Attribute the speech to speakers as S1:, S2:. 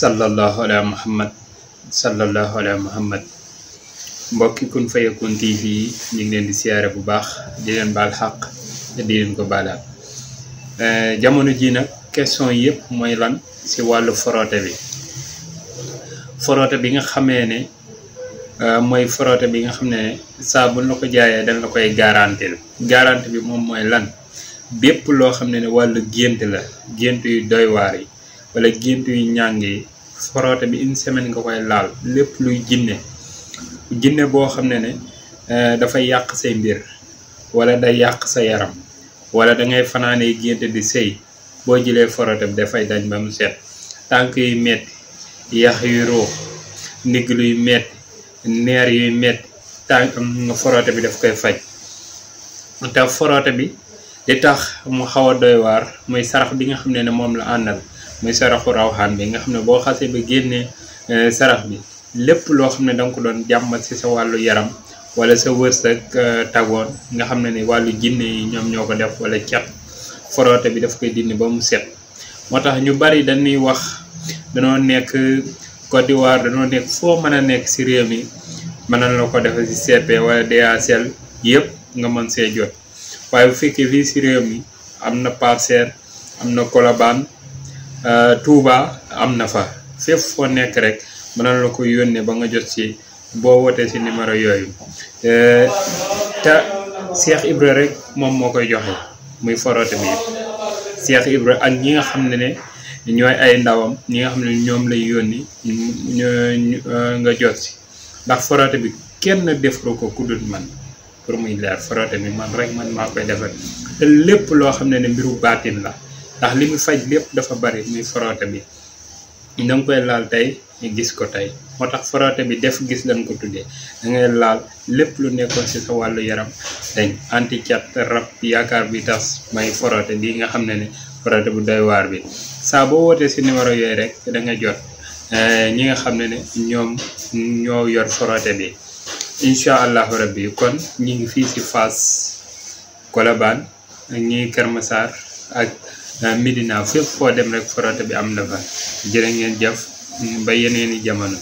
S1: sallallahu ala muhammad sallallahu ala muhammad mbokki Kun Fayakoun TV ñu ngi leen di siyaare bu baax di leen baal xaq te di leen ko baalaat eh, jamono ji nag question yëpp mooy lan ci wàllu foroote bi foroote bi nga xamee ne eh, mooy foroote bi nga xam ne saa buñ la ko jaayee dañ la koy garanti la garanti bi moom mooy lan yépp loo xam ne ne wàllu gént la gént yu doy waar yi wala gént yu ñàng yi farata bi une semaine nga koy laal lépp luy jinne jinne boo xam ne ne euh, dafay yàq say mbir wala day yàq sa yaram wala dangay fanaanee gént bi sëy boo jëlee farata bi dafay dañ ba mu set tànk yuy metti yax yu ruux ndigg luy metti neer yuy metti tànk mm, farata bi daf koy faj te farata bi li tax mu xaw a doy waar mooy sarax bi nga xam ne ne moom la àndal muy saraxu rawxaan bi nga xam ne boo xasee ba génnee euh, sarax bi lépp loo xam ne da ko doon jàmbat si sa wàllu yaram wala sa wërsëg euh, tagoon nga xam ne ni wàllu jinne yi ñoom ñoo ko def wala cat foroote bi dafa koy dindi ba mu set moo tax ñu bari dañuy wax danoo nekk Côte d'Ivoire danoo nekk foo mën a nekk ci réew mi mën na la ko defa ci CP wala DHL yëpp nga mën see jot waaye bu fekkee fii ci réew mi am na Parcelles am na Colobane Euh, Touba am na fa fépp foo nekk rek mën la ko yónnee ba nga jot si boo wootee si numéro yooyu euh, te Cheikh Ibra rek moom moo koy joxe muy foroote bi Cheikh Ibra ak ñi nga xam ne ne ñooy ay ndawam ñi nga xam ne ñoom lay yónni euh, nga jot si ndax foroote bi kenn defaru ko ku man pour muy leer foroote bi man rek man maa koy defar te lépp loo xam ne ne mbiru baatin la ndax li mu faj lépp dafa bari muy frotté bi da koy laal tey gis ko tey moo tax frotté bi def gis lan ko tuddee da laal lépp lu nekkoon ci sa wàllu yaram dañ anti cat rab yaakaar bi tas may forote bi nga xam ne ne frotté bu doy waar bi saa boo wootee ci numéro yooyu rek da nga jot eh, ñi nga xam ne ne ñoom ñoo yor frotté bi incha allahu rabbi kon ñi ngi fii ci Fass Colobane ñi Kër Euh, Médina fépp foo dem rek foroote bi am na fa jërë ngeen jëf ba yeneeni jamono